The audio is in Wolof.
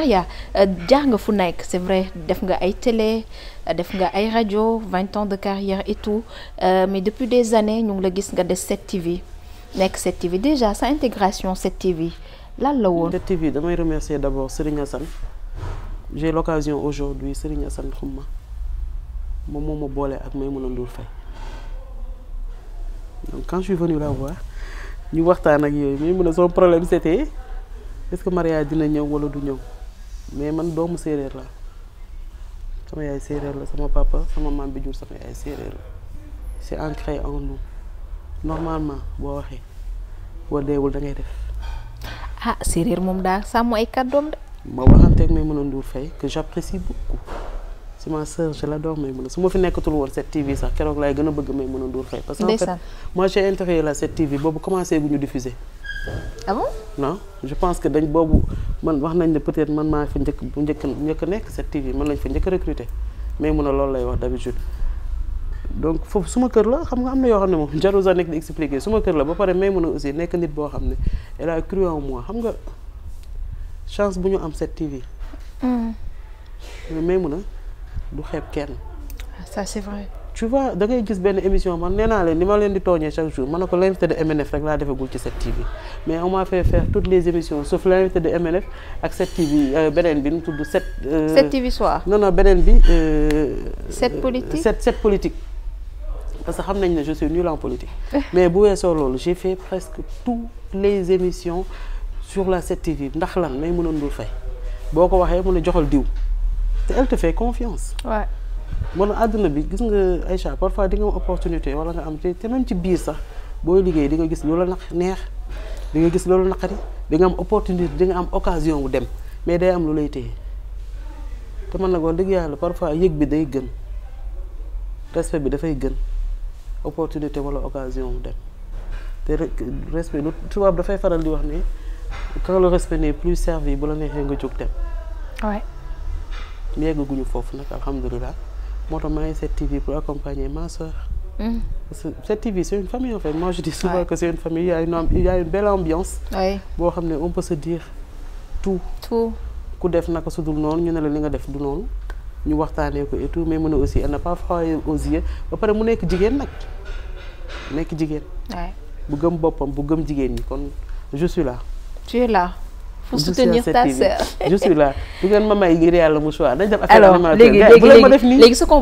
Maria euh, jaar nga fu nekk c'est vrai def nga ay télé euh, def nga ay rajo vingt ans de carrière et tout euh, mais depuis des années ñu ngi la gis nga des 7TV nekk 7TV déjà sa intégration 7TV lan la woon. 7TV damay remercier d'abord Serigne Assane j'ai l'occasion aujourd'hui Serigne Assane Xuma moom ma boole ak Maïmouna Ndour Faye donc quand je suis venu la voir ñu waxtaan ak yooyu mun a son problème c'était est que Maria dina ñëw wala du ñëw. mais man doomu séeréer la sama yaay séeréer la sama papa sama maam bi jur sama yaay séeréer la c'est ancré en nous normalement boo waxee boo deewul da ngay def. ah séeréer moom daa sàmm ay kàddoom de. ma waxanteeg may mën a Ndour Faye que j'apprécie beaucoup c'est ma sœur je l'adore may mën a su ma fi nekkatul woon cette TV sax keroog laay gën a bëgg may mën a Ndour Faye. parce que en fait moi j'ai intérêt TV boobu commencé gu ñu diffuser. ah non je pense que dañ boobu man wax nañ ne peut-être man maa fa njëkk bu njëkk njëkk nekk cette TV man lañ fa njëkk recruter mais mun a loolu lay wax d'habitude donc foofu suma kër la xam nga am na yoo xam ne moom jarul sax nekk di expliquer suma kër la ba pare may mun a nekk nit boo xam ne elle a cru moi xam nga chance bu ñu am cette TV. Hmm. mais may mun du xeeb kenn. ça c'est vrai. tu vois ngay gis benn émission man nee naa leen ni ma leen di tooñee chaque jour man ne ko l'invité de MNF rek laa defagul ci mais on m'a fait toutes les émissions ak 7TV euh, beneen bi nu mu tudd 7. 7TV euh, beneen bi. 7 euh, politique 7 7 politique. parce que xam nañ ne je suis nul en mais bu weesoo loolu j'ai fait presque toutes les émissions sur la 7TV ndax lan may mënoon dul fay boo ko waxee mu ne joxal diw te elle te confiance. man àdduna bi gis nga ay Aïcha parfois di nga am opportunité wala nga am te te ci biir sax booy liggéey di nga gis loolu la neex di nga gis loolu naqari di nga am opportunité di nga am occasion wu dem mais day am lu lay te man nag wax dëgg yàlla parfois yëg bi day gën respect bi dafay gën opportunité wala occasion wu dem te respect tubaab dafay faral di wax ne quand le respect n'est plus servi bu la nga jóg dem. waay foofu nag alhamdulilah. moo tax maa ngi 7TV pour accompagner ma soeur. Hmm. parce que 7TV c' est une famille en famille il a une belle ambiance. boo xam ne on peut se dire tout. tout ku def naka su dul noonu ñu ne la li nga def du noonu ñu waxtaanee ko et tout mais mu ne aussi elle n'a pas froid aux ba pare mu nekk jigéen nag nekk jigéen. bu gëm boppam bu gëm jigéen ñi kon je suis là. tu pour soutenir ta sœur. je suis là bu ngeen ma may ngir yàlla mu choix dañ def affaire animation léegi léegi léegi ce qu'on